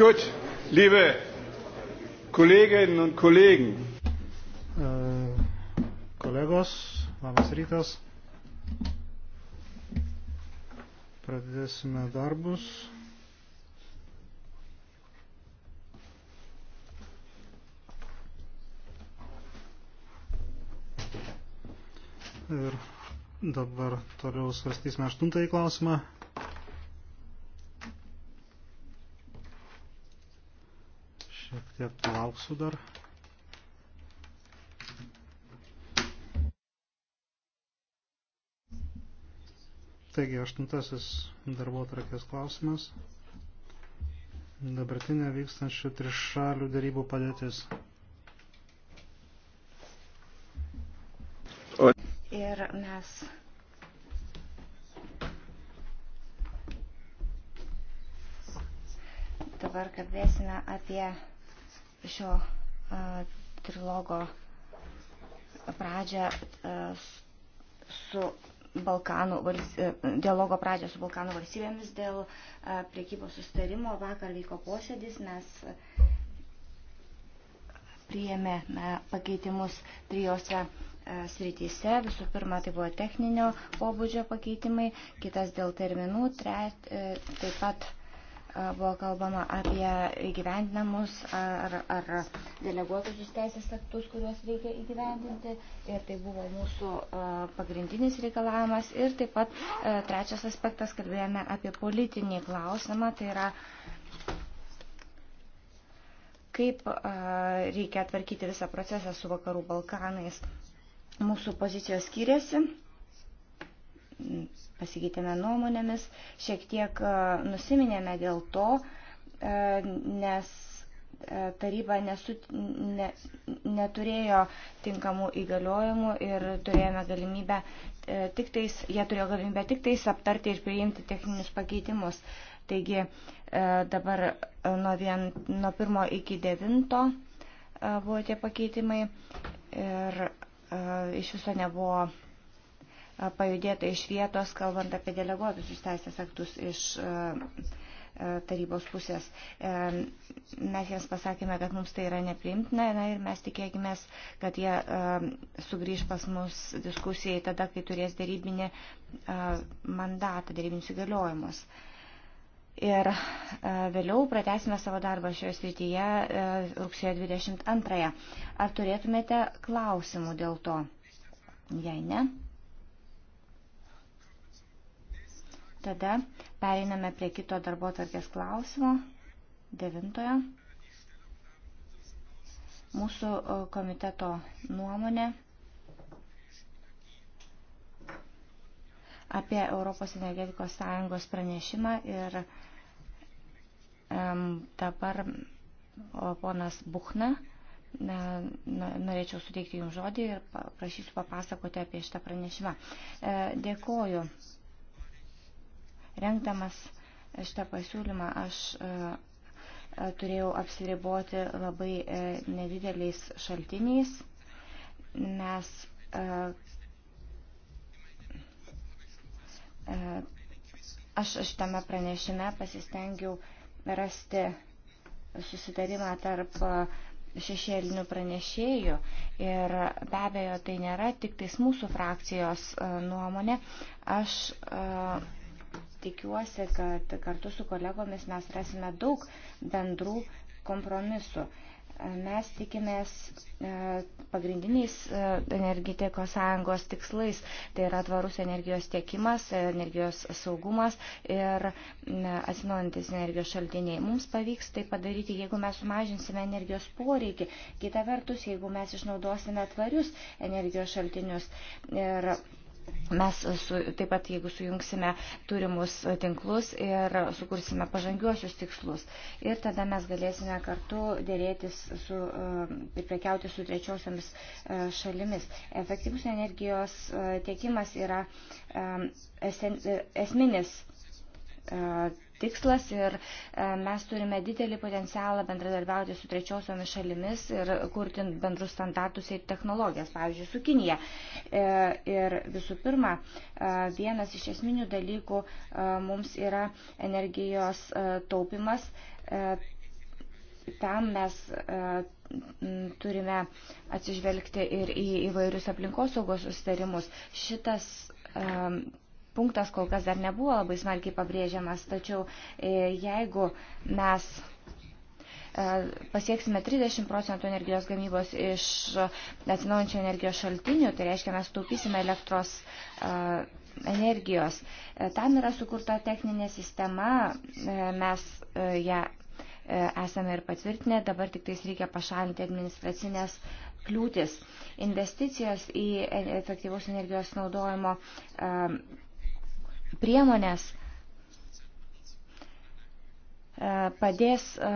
Gut, liebe Kolleginnen und Kollegen. E, kolegos, labas rytas. Pradėsime darbus. Ir dabar toliau svarstysime aštuntąjį klausimą. kiek palauksiu dar. Taigi, aštuntasis darbo trakės klausimas. Dabartinė vykstančių trišalių darybų padėtis. Ir mes dabar kalbėsime apie šio trilogo pradžią su Balkanų e, dialogo pradžią su Balkanų valstybėmis dėl priekybos sustarimo. Vakar vyko posėdis, mes priėmėme pakeitimus trijose srityse. Visų pirma, tai buvo techninio pobūdžio pakeitimai, kitas dėl terminų, tre, e, taip pat buvo kalbama apie įgyvendinamus ar, ar deleguotus teisės aktus, kuriuos reikia įgyvendinti. Ir tai buvo mūsų pagrindinis reikalavimas. Ir taip pat trečias aspektas, kalbėjome apie politinį klausimą, tai yra kaip reikia atvarkyti visą procesą su Vakarų Balkanais. Mūsų pozicijos skiriasi pasikeitėme nuomonėmis, šiek tiek e, nusiminėme dėl to, e, nes e, taryba nesu, ne, neturėjo tinkamų įgaliojimų ir turėjome galimybę tik tais, jie turėjo galimybę tik tais aptarti ir priimti techninius pakeitimus. Taigi dabar nuo, vien, nuo pirmo iki devinto buvo tie pakeitimai ir iš viso nebuvo pajudėta iš vietos, kalbant apie deleguotusius teisės aktus iš e, e, tarybos pusės. E, mes jiems pasakėme, kad mums tai yra nepriimtina na, ir mes tikėkime, kad jie sugrįž pas mus diskusijai tada, kai turės darybinį mandatą, darybinius įgaliojimus. Ir vėliau pratesime savo darbą šioje srityje rugsėjo 22. Ar turėtumėte klausimų dėl to? Jei ne. Tada pereiname prie kito darbo tvarkės klausimo, devintojo. Mūsų komiteto nuomonė apie Europos energetikos sąjungos pranešimą ir um, dabar ponas Buchna norėčiau suteikti Jums žodį ir prašysiu papasakoti apie šitą pranešimą. E, dėkoju. Rengdamas šitą pasiūlymą aš e, e, turėjau apsiriboti labai e, nedideliais šaltiniais. Mes aš šitame pranešime pasistengiau rasti susitarimą tarp šešėlinių pranešėjų ir be abejo tai nėra tik tais mūsų frakcijos nuomonė. Aš uh, tikiuosi, kad kartu su kolegomis mes rasime daug bendrų kompromisų. Mes tikimės e, pagrindiniais e, energetikos sąjungos tikslais, tai yra tvarus energijos tiekimas, energijos saugumas ir atsinaujantis energijos šaltiniai. Mums pavyks tai padaryti, jeigu mes sumažinsime energijos poreikį, kita vertus, jeigu mes išnaudosime tvarius energijos šaltinius. Ir Mes su, taip pat, jeigu sujungsime turimus tinklus ir sukursime pažangiuosius tikslus. Ir tada mes galėsime kartu dėrėtis su, e, ir prekiauti su trečiosiamis e, šalimis. Efektyvus energijos e, tiekimas yra esminis tikslas ir e, mes turime didelį potencialą bendradarbiauti su trečiosiomis šalimis ir kurti bendrus standartus ir technologijas, pavyzdžiui, su Kinija. E, ir visų pirma, e, vienas iš esminių dalykų mums yra energijos taupimas. Tam mes turime atsižvelgti ir į įvairius aplinkosaugos sustarimus. Šitas punktas kol kas dar nebuvo labai smarkiai pabrėžiamas, tačiau e, jeigu mes e, pasieksime 30 procentų energijos gamybos iš atsinaujančio energijos šaltinių, tai reiškia mes taupysime elektros e, energijos. Tam yra sukurta techninė sistema, mes ją esame ir patvirtinę, dabar tik tais reikia pašalinti administracinės kliūtis. Investicijos į efektyvaus energijos naudojimo priemonės e, padės e,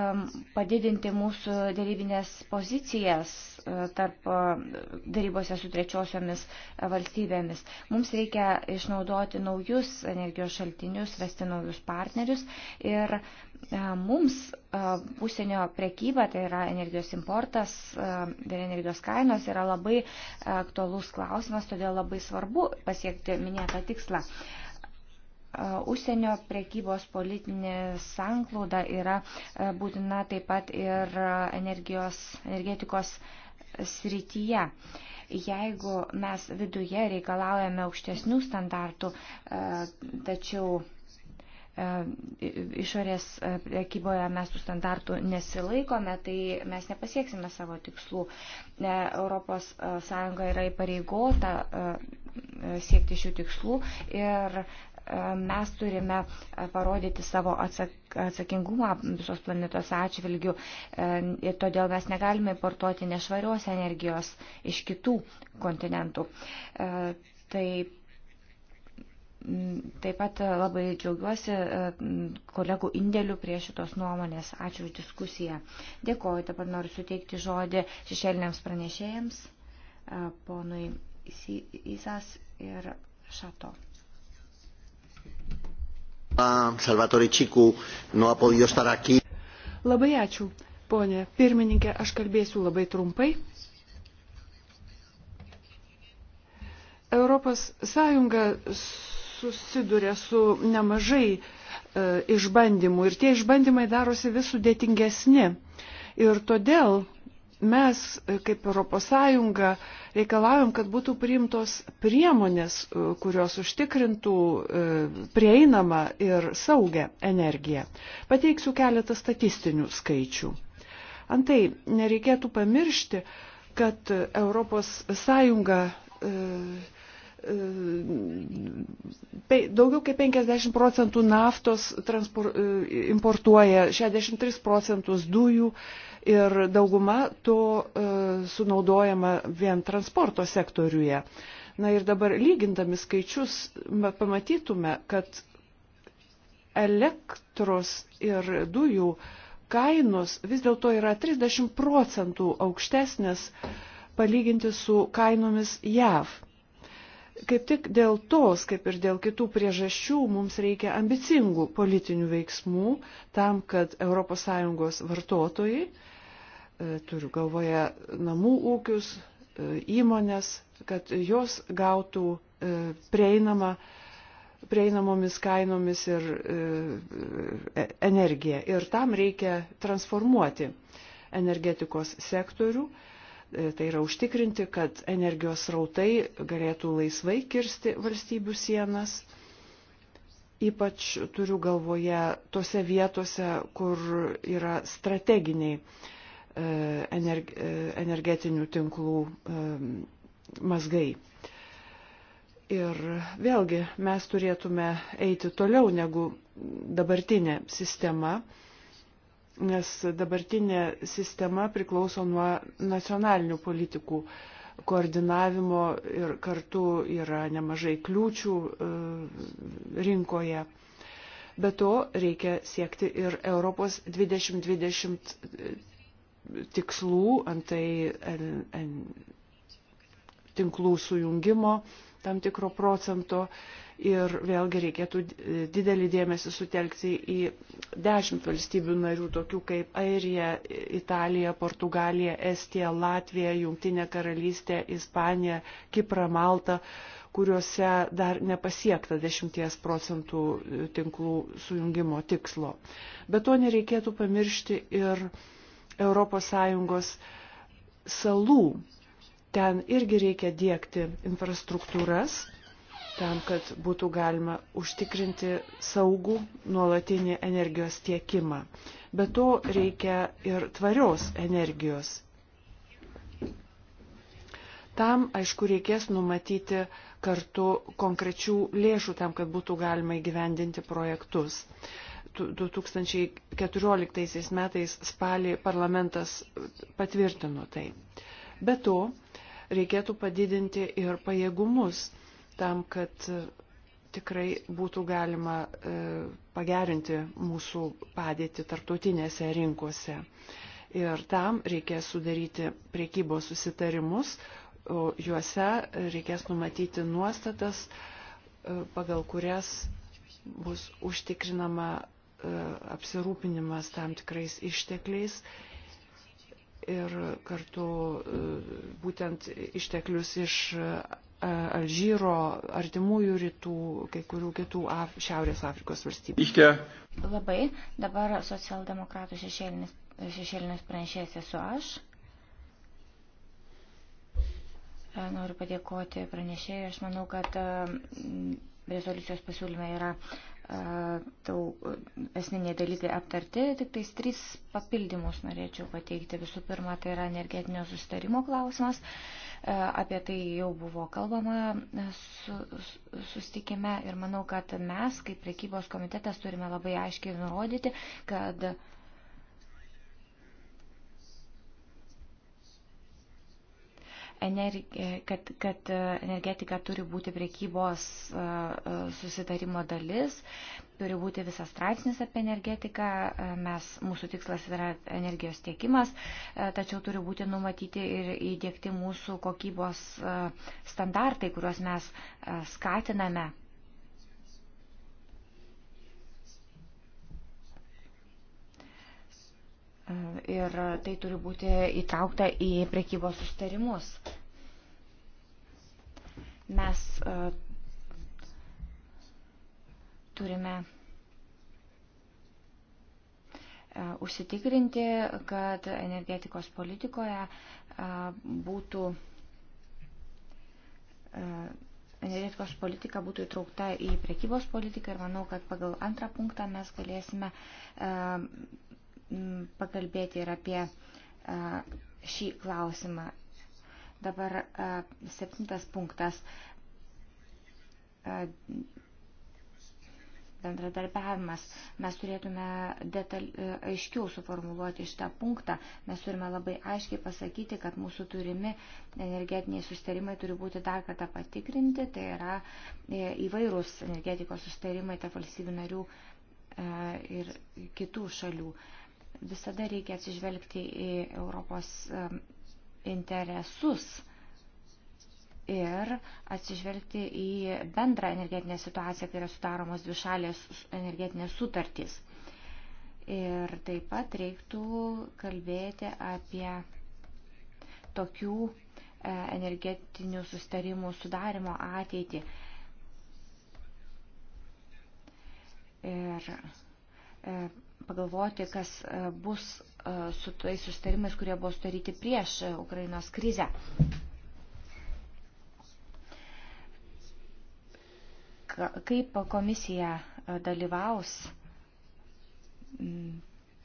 padidinti mūsų dėrybinės pozicijas e, tarp dėrybose su trečiosiomis valstybėmis. Mums reikia išnaudoti naujus energijos šaltinius, vesti naujus partnerius ir mums užsienio prekyba, tai yra energijos importas ir energijos kainos yra labai aktualus klausimas, todėl labai svarbu pasiekti minėtą tikslą. Užsienio priekybos politinė sanklauda yra būtina taip pat ir energijos, energetikos srityje. Jeigu mes viduje reikalaujame aukštesnių standartų, tačiau išorės prekyboje mes tų standartų nesilaikome, tai mes nepasieksime savo tikslų. ES yra įpareigota siekti šių tikslų ir mes turime e, parodyti savo atsakingumą visos planetos atžvilgių e, ir todėl mes negalime importuoti nešvarios energijos iš kitų kontinentų. E, tai Taip pat labai džiaugiuosi kolegų indėlių prie šitos nuomonės. Ačiū už diskusiją. Dėkoju, dabar noriu suteikti žodį šešėliniams pranešėjams, ponui Isas ir Šato. Salvatore Čiku nuo podido estar aquí. Labai ačiū, ponė pirmininkė, aš kalbėsiu labai trumpai. Europos Sąjunga susiduria su nemažai e, išbandymų ir tie išbandymai darosi vis sudėtingesni. Ir todėl mes kaip ES reikalavom, kad būtų priimtos priemonės, e, kurios užtikrintų e, prieinamą ir saugę energiją. Pateiksiu keletą statistinių skaičių. Antai, nereikėtų pamiršti, kad ES E, daugiau kaip 50 procentų naftos transpor, e, importuoja, 63 procentus dujų ir dauguma to e, sunaudojama vien transporto sektoriuje. Na ir dabar lygindami skaičius pamatytume, kad elektros ir dujų kainos vis dėlto yra 30 procentų aukštesnės palyginti su kainomis JAV. Kaip tik dėl tos, kaip ir dėl kitų priežasčių, mums reikia ambicingų politinių veiksmų tam, kad ES vartotojai, e, turiu galvoje namų ūkius, e, įmonės, kad jos gautų e, prieinamą, prieinamomis kainomis ir energiją. Ir tam reikia transformuoti energetikos sektorių E, tai yra užtikrinti, kad energijos rautai galėtų laisvai kirsti valstybių sienas. Ypač turiu galvoje tose vietose, kur yra strateginiai e, e, energetinių tinklų mazgai. Ir vėlgi mes turėtume eiti toliau negu dabartinė sistema nes dabartinė sistema priklauso nuo nacionalinių politikų koordinavimo ir kartu yra nemažai kliūčių e, rinkoje. Be to reikia siekti ir Europos 2020 e, tikslų, antai tinklų sujungimo tam tikro procento ir vėlgi reikėtų didelį dėmesį sutelkti į dešimt valstybių narių, tokių kaip Airija, Italija, Portugalija, Estija, Latvija, Jungtinė karalystė, Ispanija, Kipra, Malta, kuriuose dar nepasiekta 10 procentų e, tinklų sujungimo tikslo. Bet to nereikėtų pamiršti ir ES salų. Ten irgi reikia dėkti infrastruktūras, tam, kad būtų galima užtikrinti saugų nuolatinį energijos tiekimą. Be to reikia ir tvarios energijos. Tam, aišku, reikės numatyti kartu konkrečių lėšų tam, kad būtų galima įgyvendinti projektus. 2014 metais spalį parlamentas patvirtino tai. Be to, reikėtų padidinti ir pajėgumus tam, kad e, tikrai būtų galima e, pagerinti mūsų padėtį tarptautinėse rinkose. Ir tam reikės sudaryti priekybos susitarimus, o juose reikės numatyti nuostatas, e, pagal kurias bus užtikrinama apsirūpinimas tam tikrais ištekliais ir kartu būtent išteklius iš Alžyro, artimųjų rytų, kai kurių kitų Af Šiaurės Afrikos valstybių. Ište. Labai. Dabar socialdemokratų šešėlinis, šešėlinis pranešėjas esu aš. Noriu padėkoti pranešėjai. Aš manau, kad rezoliucijos pasiūlyme yra uh, daug esminiai dalykai aptarti, tik tais trys papildymus norėčiau pateikti. Visų pirma, tai yra energetinio sustarimo klausimas. Apie tai jau buvo kalbama su, sustikime ir manau, kad mes, kaip prekybos komitetas, turime labai aiškiai nurodyti, kad energi, e, kad, kad e, energetika turi būti priekybos e, susitarimo dalis, turi būti visas straipsnis apie energetiką, mes, mūsų tikslas yra energijos tiekimas, tačiau turi būti numatyti ir įdėkti mūsų kokybos standartai, kuriuos mes skatiname ir tai turi būti įtraukta į prekybos sustarimus. Mes e, turime e, užsitikrinti, kad energetikos politikoje e, būtų energetikos politika būtų įtraukta į prekybos politiką ir manau, kad pagal antrą punktą mes galėsime pakalbėti ir apie šį klausimą. Dabar septintas punktas. Bendradarbiavimas. Mes turėtume detal, aiškiau suformuluoti šitą punktą. Mes turime labai aiškiai pasakyti, kad mūsų turimi energetiniai sustarimai turi būti dar kartą patikrinti. Tai yra e, įvairūs energetikos sustarimai tarp valstybių narių ir kitų šalių. Uh, visada reikia atsižvelgti į Europos interesus ir atsižvelgti į bendrą energetinę situaciją, kai yra sudaromos dvišalės energetinės sutartys. Ir taip pat reiktų kalbėti apie tokių e, energetinių sustarimų sudarimo ateitį. Ir e, pagalvoti, kas e, bus e, su tais sustarimais, kurie buvo sudaryti prieš e, Ukrainos krizę. Kaip komisija dalyvaus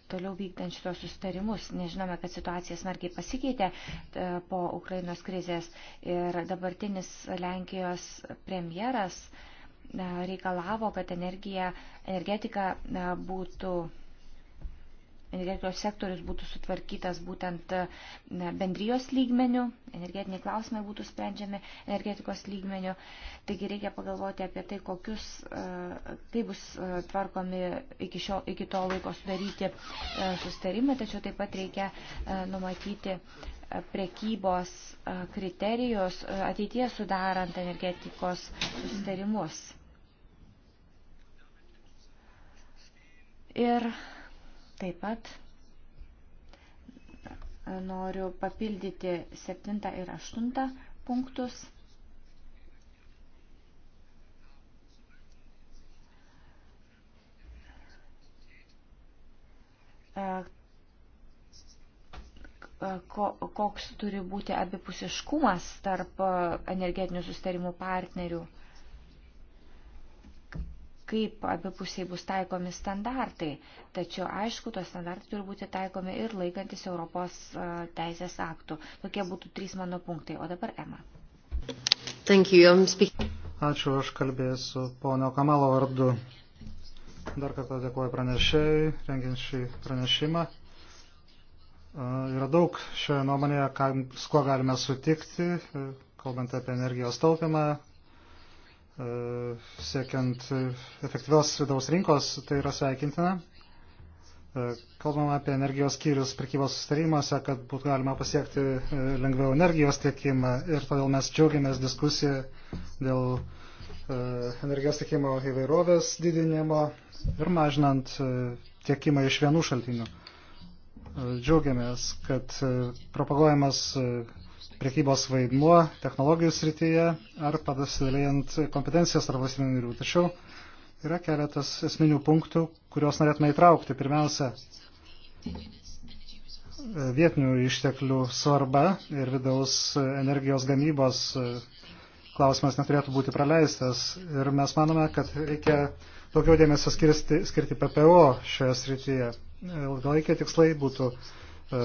toliau vykdant šitos sustarimus. Nežinome, kad situacija smarkiai pasikeitė po Ukrainos krizės ir dabartinis Lenkijos premjeras reikalavo, kad energija, energetika būtų energetikos sektorius būtų sutvarkytas būtent bendrijos lygmenių, energetiniai klausimai būtų sprendžiami energetikos lygmenių. Taigi reikia pagalvoti apie tai, kokius, e, kaip bus e, tvarkomi iki, šio, iki to laiko sudaryti e, sustarimai, tačiau taip pat reikia numatyti prekybos kriterijus ateitie sudarant energetikos sustarimus. Ir Taip pat noriu papildyti 7 ir 8 punktus. E, e, koks turi būti abipusiškumas tarp e, energetinių sustarimų partnerių kaip abipusiai bus taikomi standartai. Tačiau, aišku, tos standartai turi būti taikomi ir laikantis Europos teisės aktų. Tokie būtų trys mano punktai. O dabar Ema. Ačiū, aš kalbėsiu ponio Kamalo vardu. Dar kartą dėkuoju pranešėjai, rengiant šį pranešimą. Yra daug šioje nuomonėje, ką, su kuo galime sutikti, kalbant apie energijos taupimą, E, siekiant efektyvios vidaus rinkos, tai yra sveikintina. E, Kalbam apie energijos skyrius prekybos sustarimuose, kad būtų galima pasiekti e, lengviau energijos tiekimą ir todėl mes džiaugiamės diskusiją dėl energijos tiekimo įvairovės didinimo ir mažinant tiekimą iš vienų šaltinių. Džiaugiamės, kad propaguojamas prekybos vaidmuo technologijų srityje ar padasidalėjant kompetencijas tarp valstybių narių. Tačiau yra keletas esminių punktų, kuriuos norėtume įtraukti. Pirmiausia, vietinių išteklių svarba ir vidaus energijos gamybos klausimas neturėtų būti praleistas. Ir mes manome, kad reikia daugiau dėmesio skirti, skirti PPO šioje srityje. Ilgalaikiai tikslai būtų E,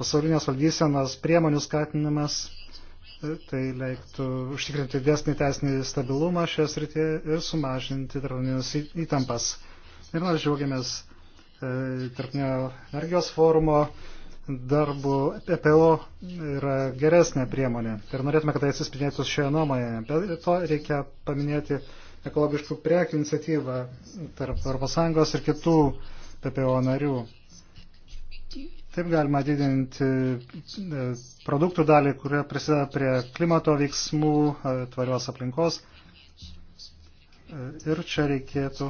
pasaulinės valdysenos priemonių skatinimas, e, tai leiktų užtikrinti dėsnį teisinį stabilumą šioje srityje ir sumažinti tarptautinius įtampas. Ir mes žiūrėmės e, tarptautinio energijos forumo darbų EPO yra geresnė priemonė. Ir norėtume, kad tai atsispindėtų šioje nuomoje. Bet to reikia paminėti ekologiškų prekių iniciatyvą tarp ES ir kitų PPO narių. Taip galima didinti e, produktų dalį, kurie prisideda prie klimato veiksmų, e, tvarios aplinkos. E, ir čia reikėtų,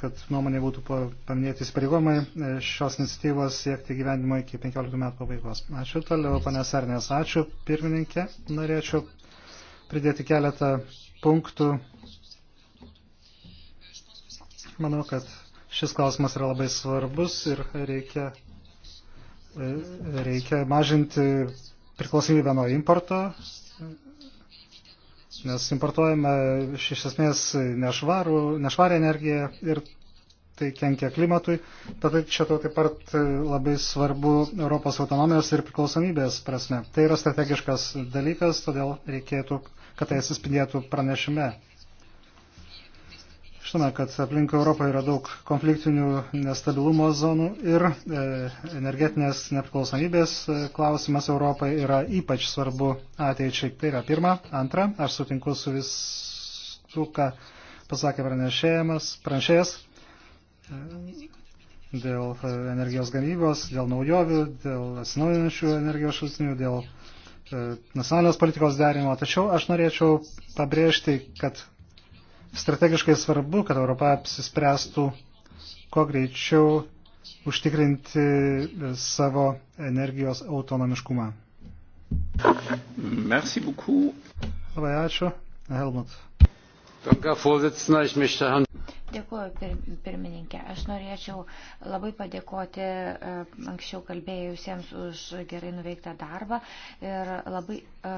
kad nuomonė būtų paminėti įsipareigojimai šios iniciatyvos siekti gyvenimo iki 15 metų pabaigos. Ačiū toliau, panės Arnės. Ačiū, pirmininkė. Norėčiau pridėti keletą punktų. Manau, kad šis klausimas yra labai svarbus ir reikia reikia mažinti priklausomybę nuo importo, nes importuojame iš esmės nešvarų, nešvarę energiją ir tai kenkia klimatui. Tad čia to taip pat labai svarbu Europos autonomijos ir priklausomybės prasme. Tai yra strategiškas dalykas, todėl reikėtų, kad tai atsispindėtų pranešime. Žinome, kad aplink Europą yra daug konfliktinių nestabilumo zonų ir e, energetinės nepriklausomybės e, klausimas Europai yra ypač svarbu ateičiai. Tai yra pirma. Antra, aš sutinku su visu, ką pasakė pranešėjas e, dėl energijos gamybos, dėl naujovių, dėl atsinaujinančių energijos šaltinių, dėl nacionalinės politikos derimo. Tačiau aš norėčiau pabrėžti, kad strategiškai svarbu, kad Europa apsispręstų kuo greičiau užtikrinti savo energijos autonomiškumą. Merci beaucoup. Labai ačiū. Helmut. Dėkuoju, pirmininkė. Aš norėčiau labai padėkoti e, anksčiau kalbėjusiems už gerai nuveiktą darbą ir labai e,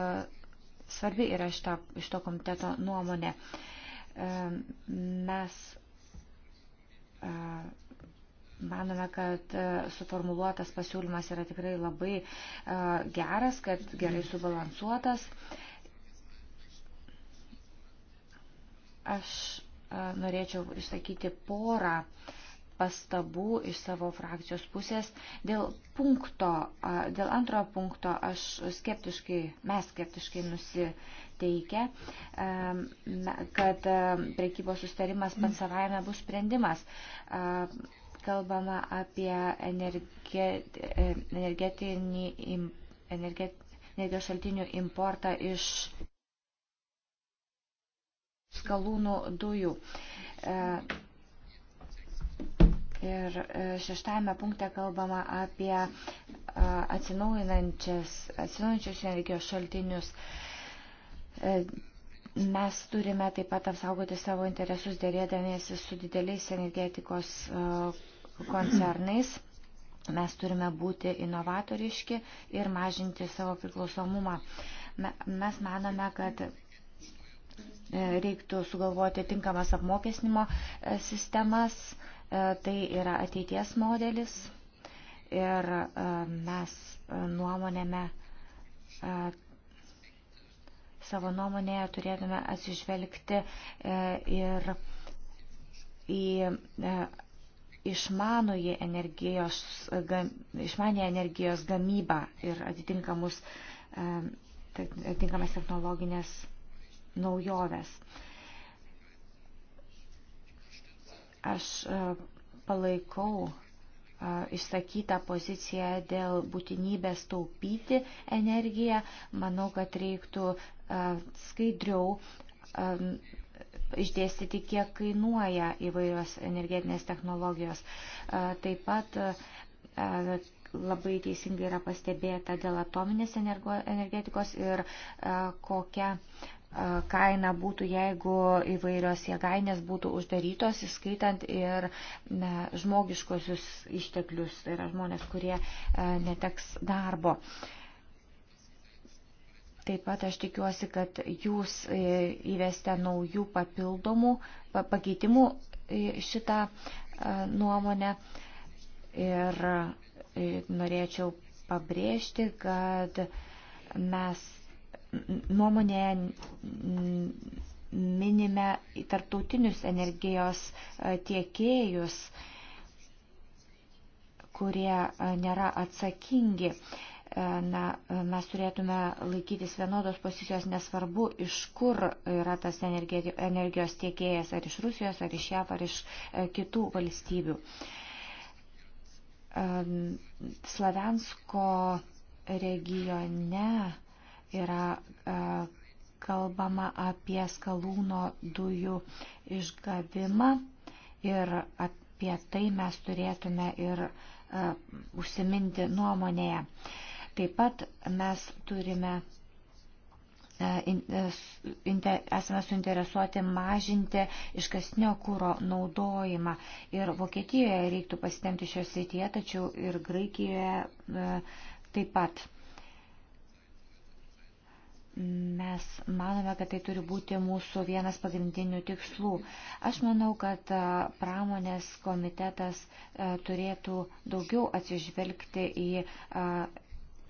svarbi yra šito, šito komiteto nuomonė. Uh, E, mes e, Manome, kad e, suformuluotas pasiūlymas yra tikrai labai geras, kad gerai subalansuotas. Aš norėčiau išsakyti porą uh, pastabų iš savo frakcijos pusės. Dėl punkto, dėl antrojo punkto aš skeptiškai, mes skeptiškai nusiteikę, kad prekybos sustarimas pats savaime bus sprendimas. Kalbama apie e, energetinį, energet, energijos šaltinių importą iš skalūnų dujų. E, Ir e, šeštame punkte kalbama apie e, atsinaujinančius energijos šaltinius e, mes turime taip pat apsaugoti savo interesus dėrėdamiesi su dideliais energetikos koncernais. Mes turime būti inovatoriški ir mažinti savo priklausomumą. Mes manome, kad reiktų sugalvoti tinkamas apmokesnimo sistemas E, tai yra ateities modelis ir e, mes e, nuomonėme, savo nuomonėje turėtume atsižvelgti ir į išmanųjį energijos, išmanę energijos gamybą ir atitinkamus, atitinkamas technologinės naujoves. Aš e, palaikau e, išsakytą poziciją dėl būtinybės taupyti energiją. Manau, kad reiktų e, skaidriau išdėstyti, kiek kainuoja įvairios energetinės technologijos. Taip pat labai teisingai yra pastebėta dėl atominės energetikos ir kokia kaina būtų, jeigu įvairios jėgainės būtų uždarytos, įskaitant ir ne, žmogiškosius išteklius, tai yra žmonės, kurie neteks darbo. Taip pat aš tikiuosi, kad jūs e, įvestę naujų papildomų pakeitimų šitą nuomonę ir e, norėčiau pabrėžti, kad mes nuomonėje minime tarptautinius energijos e, tiekėjus, kurie e, nėra atsakingi. E, na, mes turėtume laikytis vienodos pozicijos, nesvarbu, iš kur yra tas energijos tiekėjas, ar iš Rusijos, ar iš JAV, ar iš kitų valstybių. Slavensko regione yra e, kalbama apie skalūno dujų išgavimą ir apie tai mes turėtume ir e, užsiminti nuomonėje. Taip pat mes turime e, esame suinteresuoti mažinti iškasnio kūro naudojimą. Ir Vokietijoje reiktų pasitemti šios srityje, tačiau ir Graikijoje taip pat. Mes manome, kad tai turi būti mūsų vienas pagrindinių tikslų. Aš manau, kad pramonės komitetas turėtų daugiau atsižvelgti į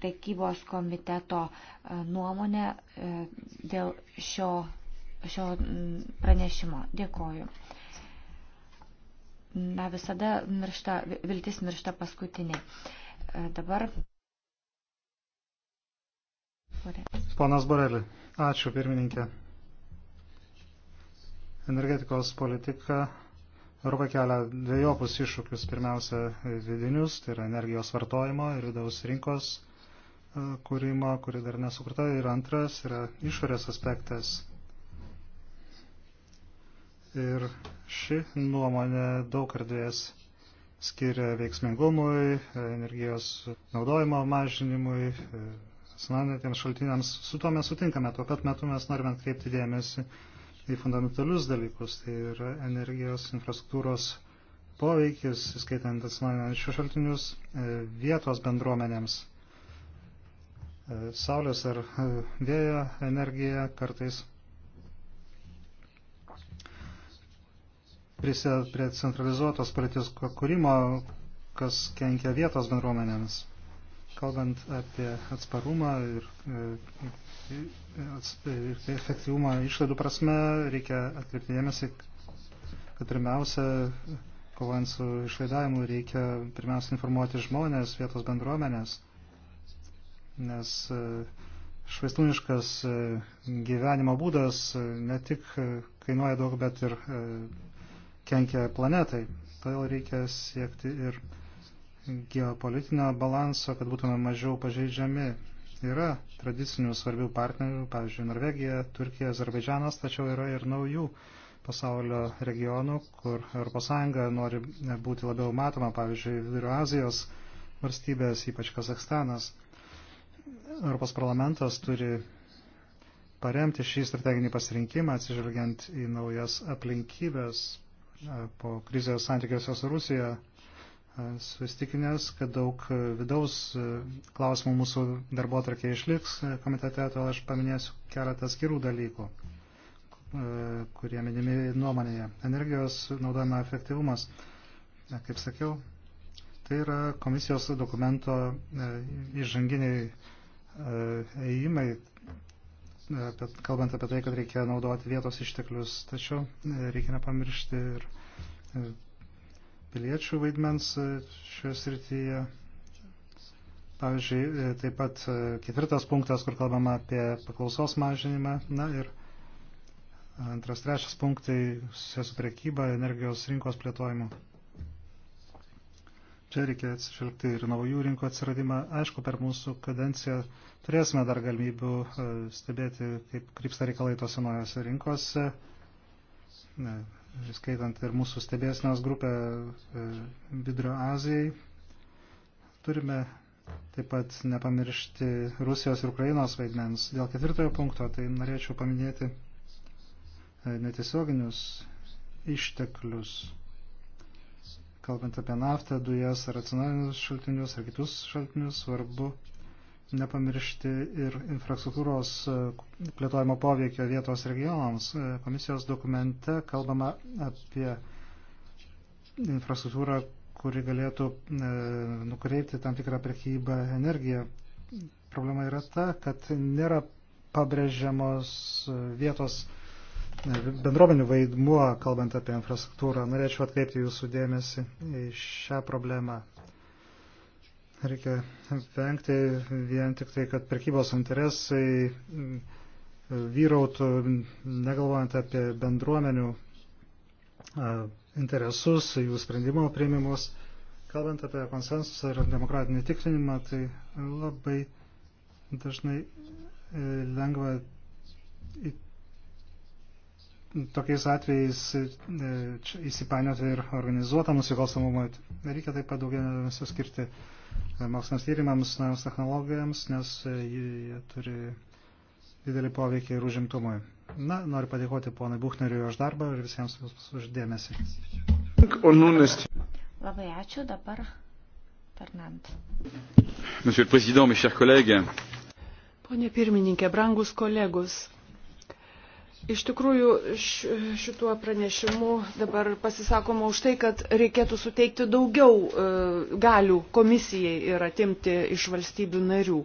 prekybos komiteto nuomonę dėl šio, šio pranešimo. Dėkoju. Na, visada miršta, viltis miršta paskutinė. Dabar. Ponas Borelį, ačiū pirmininkė. Energetikos politika Europa kelia dviejopus iššūkius. Pirmiausia, vidinius, tai yra energijos vartojimo ir vidaus rinkos e, kūrimo, kuri dar nesukurta. Ir antras yra išorės aspektas. Ir ši nuomonė daug erdvės skiria veiksmingumui, energijos naudojimo mažinimui, e, atsinaujinantiems šaltiniams, su tuo mes sutinkame. Tuo pat metu mes norime atkreipti dėmesį į fundamentalius dalykus, tai yra energijos infrastruktūros poveikis, skaitant atsinaujinančius šaltinius, e, vietos bendruomenėms. E, saulės ar e, vėjo energija kartais prisideda prie centralizuotos politikos kūrimo, kas kenkia vietos bendruomenėms kalbant apie atsparumą ir, e, e, e, ir efektyvumą išlaidų prasme, reikia atkreipti dėmesį, kad pirmiausia, kovant su išlaidavimu, reikia pirmiausia informuoti žmonės, vietos bendruomenės, nes švaistūniškas gyvenimo būdas ne tik kainuoja daug, bet ir kenkia planetai. Todėl reikia siekti ir geopolitinio balanso, kad būtume mažiau pažeidžiami. Yra tradicinių svarbių partnerių, pavyzdžiui, Norvegija, Turkija, Azerbaidžianas, tačiau yra ir naujų pasaulio regionų, kur ES nori būti labiau matoma, pavyzdžiui, Vidurio Azijos valstybės, ypač Kazakstanas. Europos parlamentas turi paremti šį strateginį pasirinkimą, atsižvelgiant į naujas aplinkybės e, po krizės santykiuose su Rusija sustikinęs, kad daug vidaus klausimų mūsų darbo tarkiai išliks komitete, to aš paminėsiu keletą skirų dalykų, kurie minimi nuomonėje. Energijos naudojama efektyvumas, kaip sakiau, tai yra komisijos dokumento e, įžanginiai įimai, e, e, kalbant apie tai, kad reikia naudoti vietos išteklius, tačiau reikia nepamiršti ir piliečių vaidmens e, šioje srityje. Pavyzdžiui, e, taip pat e, ketvirtas punktas, kur kalbama apie paklausos mažinimą. Na ir antras, trečias punktai susijęs su prekyba energijos rinkos plėtojimu. Čia reikia atsižvelgti ir naujų rinkų atsiradimą. Aišku, per mūsų kadenciją turėsime dar galimybių stebėti, kaip krypsta reikalai tose naujose rinkose. Ne, skaitant ir mūsų stebėsinos grupę e, Vidurio Azijai. Turime taip pat nepamiršti Rusijos ir Ukrainos vaidmens. Dėl ketvirtojo punkto tai norėčiau paminėti e, netiesioginius išteklius, kalbant apie naftą, dujas ar atsinaujinius šaltinius ar kitus šaltinius, svarbu nepamiršti ir infrastruktūros e, plėtojimo poveikio vietos regionams. E, komisijos dokumente kalbama apie infrastruktūrą, kuri galėtų e, nukreipti tam tikrą prekybą energiją. Problema yra ta, kad nėra pabrėžiamos vietos bendruomenių vaidmuo, kalbant apie infrastruktūrą. Norėčiau atkreipti jūsų dėmesį į šią problemą. Reikia vengti vien tik tai, kad prekybos interesai vyrautų, negalvojant apie bendruomenių interesus, jų sprendimo prieimimus. Kalbant apie konsensusą ir demokratinį tikrinimą, tai labai dažnai e, lengva tokiais atvejais e, įsipainioti ir organizuotą nusikalstamumą. Reikia taip pat daugiau skirti moksliniams tyrimams, naujams technologijams, nes e, jie turi didelį poveikį ir užimtumui. Na, noriu padėkoti ponai Buchneriui už darbą ir visiems uždėmesi. Labai ačiū dabar, Fernand. Monsieur le Président, mes chers collègues. Pone pirmininkė, brangus kolegus, Iš tikrųjų, šituo pranešimu dabar pasisakoma už tai, kad reikėtų suteikti daugiau e, galių komisijai ir atimti iš valstybių narių.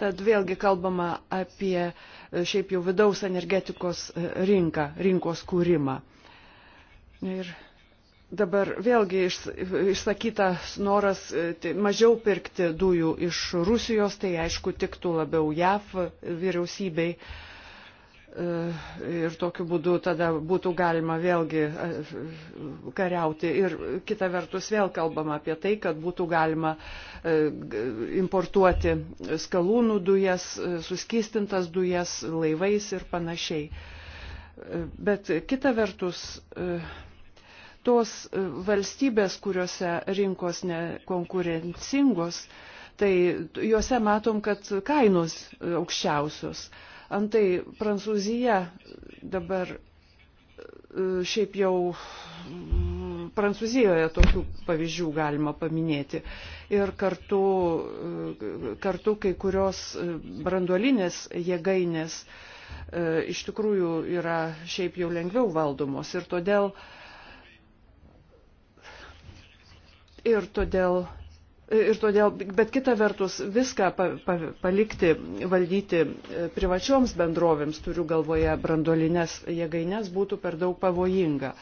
Tad vėlgi kalbama apie e, šiaip jau vidaus energetikos e, rinką, rinkos kūrimą. Ir dabar vėlgi išsakytas noras tai mažiau pirkti dujų iš Rusijos, tai aišku tiktų labiau JAV vyriausybei E, ir tokiu būdu tada būtų galima vėlgi e, kariauti. Ir kita vertus vėl kalbama apie tai, kad būtų galima e, importuoti skalūnų dujas, suskystintas dujas laivais ir panašiai. Bet kita vertus, tos valstybės, kuriuose rinkos nekonkurencingos, tai juose matom, kad kainos aukščiausios. Antai Prancūzija dabar e, šiaip jau Prancūzijoje tokių pavyzdžių galima paminėti. Ir kartu, e, kartu kai kurios e, branduolinės jėgainės iš tikrųjų yra šiaip jau lengviau valdomos. Ir todėl, ir todėl Ir todėl, bet kita vertus, viską pa, pa, palikti valdyti e, privačioms bendrovėms, turiu galvoje brandolinės jėgainės, būtų per daug pavojinga.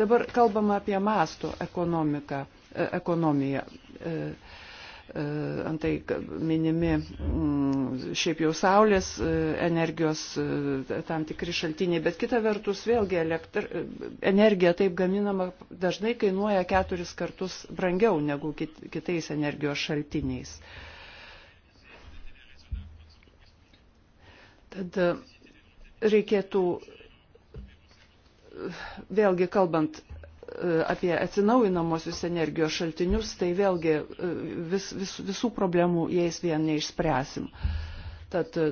Dabar kalbama apie mastų ekonomiką, e, ekonomiją. E, E, antai minimi mm, šiaip jau saulės e, energijos e, tam tikri šaltiniai, bet kita vertus vėlgi elektr... energija taip gaminama dažnai kainuoja keturis kartus brangiau negu kitais energijos šaltiniais. Tad reikėtų vėlgi kalbant E, apie atsinaujinamosius energijos šaltinius, tai vėlgi e, vis, vis, visų problemų jais vien neišspręsim. Tad e,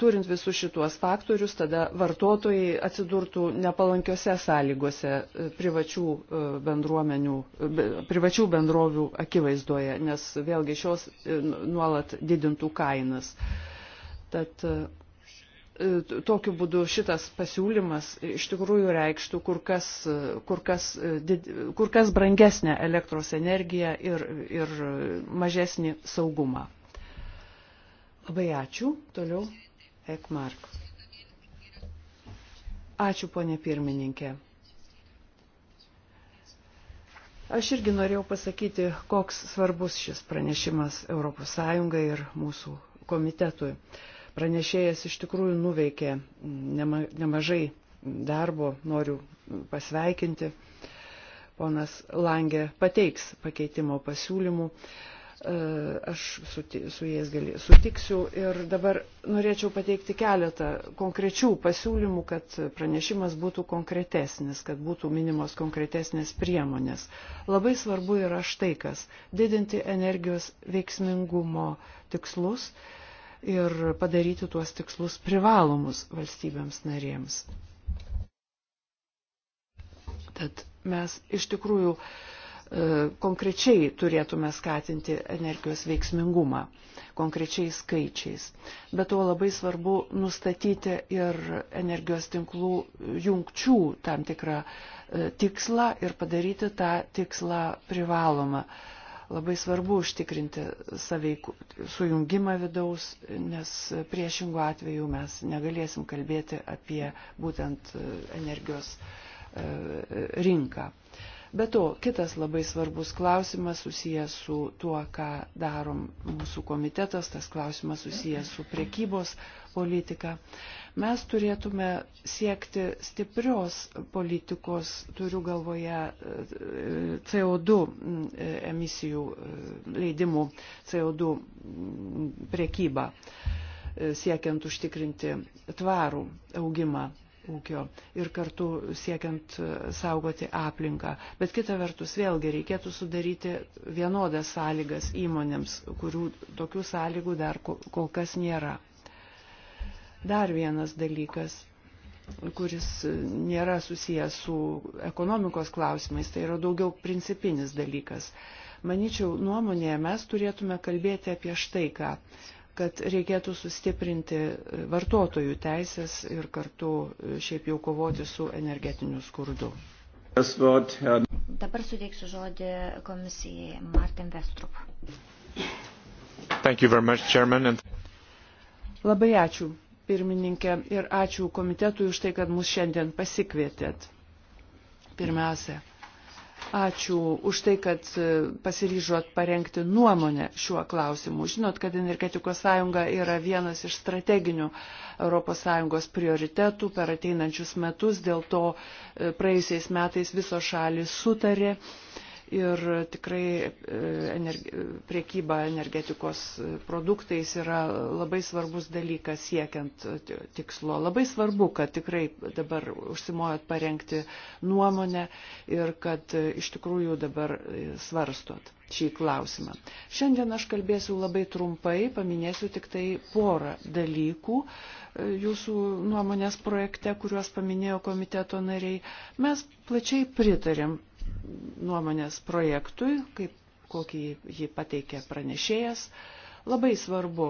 turint visus šituos faktorius, tada vartotojai atsidurtų nepalankiose sąlygose privačių, bendruomenių, privačių bendrovių akivaizdoje, nes vėlgi šios nuolat didintų kainas. Tad E, tokiu būdu šitas pasiūlymas iš tikrųjų reikštų kur kas, kur kas, e, did, kur kas brangesnę elektros energiją ir, ir mažesnį saugumą. Labai ačiū. Toliau Ekmark. Ačiū, ponė pirmininkė. Aš irgi norėjau pasakyti, koks svarbus šis pranešimas ES ir mūsų komitetui. Uh, pranešėjas iš tikrųjų nuveikė nemažai darbo, noriu pasveikinti. Ponas Langė pateiks pakeitimo pasiūlymų, e, aš su, su jais gali, sutiksiu ir dabar norėčiau pateikti keletą konkrečių pasiūlymų, kad pranešimas būtų konkretesnis, kad būtų minimos konkretesnės priemonės. Labai svarbu yra štai kas - didinti energijos veiksmingumo tikslus ir padaryti tuos tikslus privalomus valstybėms narėms. Tad mes iš tikrųjų e, konkrečiai turėtume skatinti energijos veiksmingumą, konkrečiais skaičiais. Bet to labai svarbu nustatyti ir energijos tinklų jungčių tam tikrą e, tikslą ir padaryti tą tikslą privalomą. Labai svarbu užtikrinti saveikų sujungimą vidaus, nes priešingų atveju mes negalėsim kalbėti apie būtent e, energijos e, rinką. Be to, kitas labai svarbus klausimas susijęs su tuo, ką darom mūsų komitetas, tas klausimas susijęs su priekybos politika. Mes turėtume siekti stiprios politikos, turiu galvoje e, CO2 e, emisijų e, leidimų, CO2 priekybą, siekiant užtikrinti tvarų augimą ūkio ir kartu siekiant e, saugoti aplinką. Bet kita vertus, vėlgi reikėtų sudaryti vienodas sąlygas įmonėms, kurių tokių sąlygų dar kol kas nėra. Dar vienas dalykas, kuris e, nėra susijęs su ekonomikos klausimais, tai yra daugiau principinis dalykas. Maničiau, nuomonėje mes turėtume kalbėti apie štai ką kad reikėtų sustiprinti vartotojų teisės ir kartu e, šiaip jau kovoti su energetiniu skurdu. Dabar suteiksiu žodį komisijai Martin Vestrup. Much, Chairman, and... Labai ačiū, pirmininkė, ir ačiū komitetui už tai, kad mus šiandien pasikvietėt. Pirmiausia, Ačiū už tai, kad e, pasiryžot parengti nuomonę šiuo klausimu. Žinot, kad energetikos sąjunga yra vienas iš strateginių ES prioritetų per ateinančius metus, dėl to e, praėjusiais metais visos šalis sutarė ir tikrai e, energi priekyba energetikos produktais yra labai svarbus dalykas siekiant e, tikslo. Labai svarbu, kad tikrai dabar užsimojot parengti nuomonę ir kad e, iš tikrųjų dabar svarstot šį klausimą. Šiandien aš kalbėsiu labai trumpai, paminėsiu tik tai porą dalykų jūsų nuomonės projekte, kuriuos paminėjo komiteto nariai. Mes plačiai pritarėm nuomonės projektui, kaip kokį jį pateikė pranešėjas, labai svarbu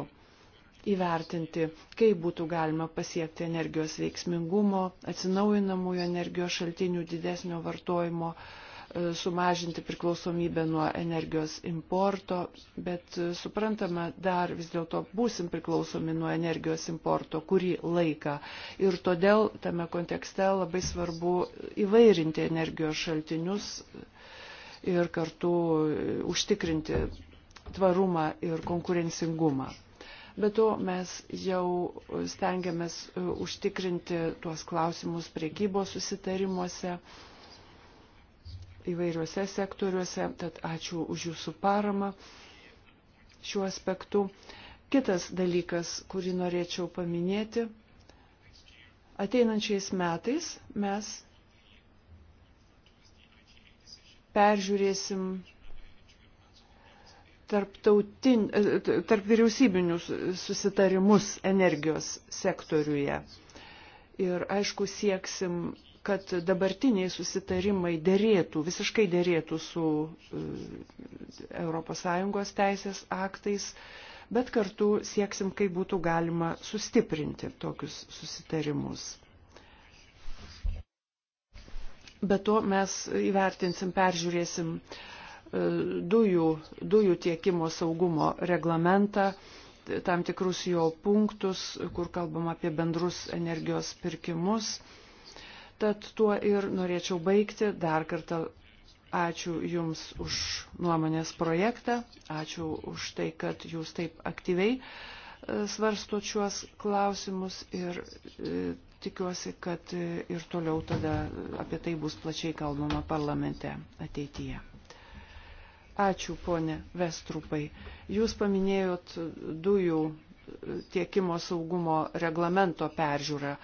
įvertinti, kaip būtų galima pasiekti energijos veiksmingumo, atsinaujinamųjų energijos šaltinių didesnio vartojimo, uh, sumažinti priklausomybę nuo energijos importo, bet e, suprantama, dar vis dėlto būsim priklausomi nuo energijos importo kurį laiką. Ir todėl tame kontekste labai svarbu įvairinti energijos šaltinius ir kartu e, užtikrinti tvarumą ir konkurencingumą. Bet to mes jau stengiamės e, užtikrinti tuos klausimus priekybos susitarimuose įvairiuose sektoriuose, tad ačiū už jūsų paramą šiuo aspektu. Kitas dalykas, kurį norėčiau paminėti, ateinančiais metais mes peržiūrėsim tarp vyriausybinius susitarimus energijos sektoriuje. Ir aišku, sieksim kad dabartiniai susitarimai dėrėtų, visiškai dėrėtų su ES teisės aktais, bet kartu sieksim, kaip būtų galima sustiprinti tokius susitarimus. Be to mes įvertinsim, peržiūrėsim e, dujų, dujų tiekimo saugumo reglamentą, tam tikrus jo punktus, kur kalbam apie bendrus energijos pirkimus Tad tuo ir norėčiau baigti. Dar kartą ačiū Jums už nuomonės projektą, ačiū už tai, kad Jūs taip aktyviai e, svarsto šiuos klausimus ir e, tikiuosi, kad e, ir toliau tada apie tai bus plačiai kalbama parlamente ateityje. Ačiū, ponė Vestrupai. Jūs paminėjot dujų tiekimo saugumo reglamento peržiūrą.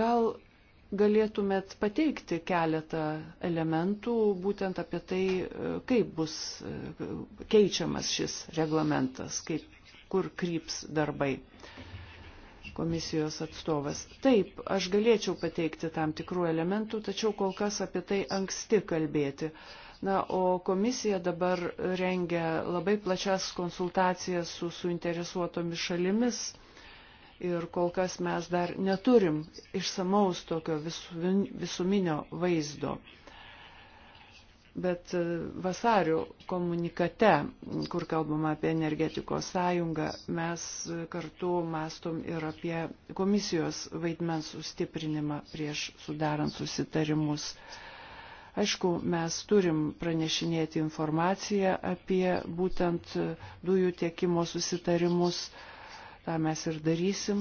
Gal galėtumėt pateikti keletą elementų būtent apie tai, e, kaip bus e, keičiamas šis reglamentas, kaip, kur kryps darbai komisijos atstovas. Taip, aš galėčiau pateikti tam tikrų elementų, tačiau kol kas apie tai anksti kalbėti. Na, o komisija dabar rengia labai plačias konsultacijas su suinteresuotomis šalimis ir kol kas mes dar neturim išsamaus tokio visuminio vaizdo. Bet e, vasario komunikate, kur kalbama apie energetikos sąjungą, mes kartu mastom ir apie komisijos vaidmens sustiprinimą prieš sudarant susitarimus. Aišku, mes turim pranešinėti informaciją apie būtent dujų tiekimo susitarimus, tą mes ir darysim,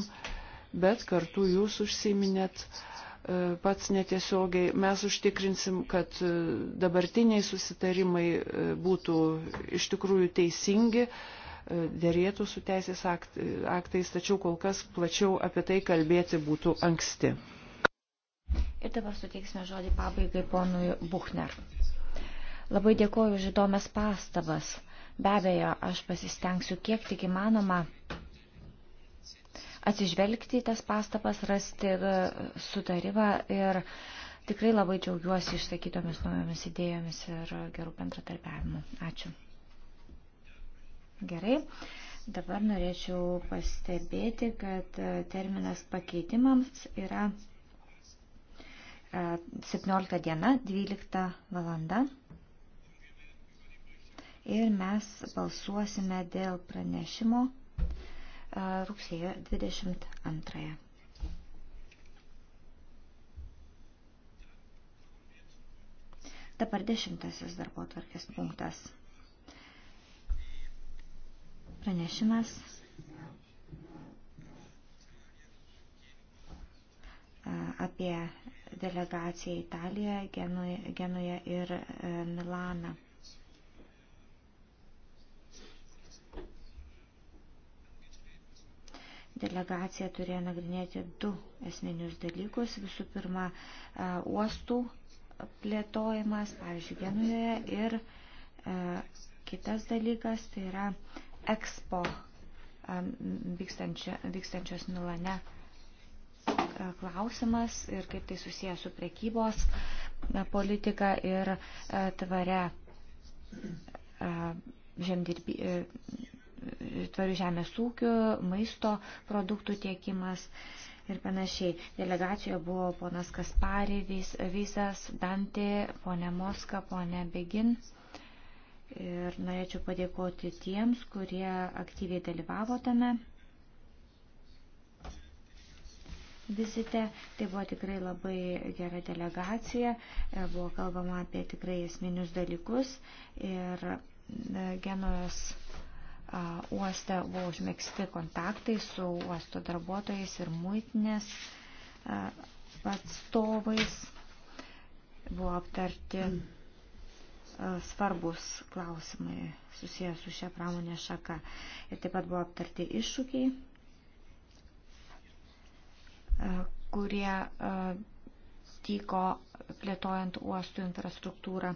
bet kartu jūs užsiminėt e, pats netiesiogiai, mes užtikrinsim, kad e, dabartiniai susitarimai e, būtų iš tikrųjų teisingi, dėrėtų su teisės aktais, tačiau kol kas plačiau apie tai kalbėti būtų anksti. Ir dabar suteiksime žodį pabaigai ponui Buchner. Labai dėkoju už įdomias pastabas. Be abejo, aš pasistengsiu kiek tik įmanoma atsižvelgti į tas pastabas, rasti e, sutarimą ir tikrai labai džiaugiuosi išsakytomis naujomis idėjomis ir gerų bendratarpiavimu. Ačiū. Gerai. Dabar norėčiau pastebėti, kad e, terminas pakeitimams yra 17 e, diena, 12 valanda. Ir mes balsuosime dėl pranešimo rugsėjo 22. Dabar dešimtasis darbo tvarkės punktas. Pranešimas. apie delegaciją Italiją, Genują ir e, Milaną. delegacija turėjo nagrinėti du esminius dalykus. Visų pirma, e, uostų plėtojimas, pavyzdžiui, Genujoje ir e, kitas dalykas, tai yra Expo e, vykstančio, vykstančios Milane klausimas ir kaip tai susijęs su prekybos politika ir tvare žemdirbi, tvarių žemės ūkių, maisto produktų tiekimas ir panašiai. Delegacijoje buvo ponas Kaspari, Vysas, Dantė, ponė Moska, ponė Begin. Ir norėčiau padėkoti tiems, kurie aktyviai dalyvavo tame vizite. Tai buvo tikrai labai gera delegacija, e, buvo kalbama apie tikrai esminius dalykus ir e, genojos uoste buvo užmėgsti kontaktai su uosto darbuotojais ir muitinės atstovais. Buvo aptarti svarbus klausimai susijęs su šia pramonė šaka. Ir taip pat buvo aptarti iššūkiai, kurie tyko plėtojant uostų infrastruktūrą.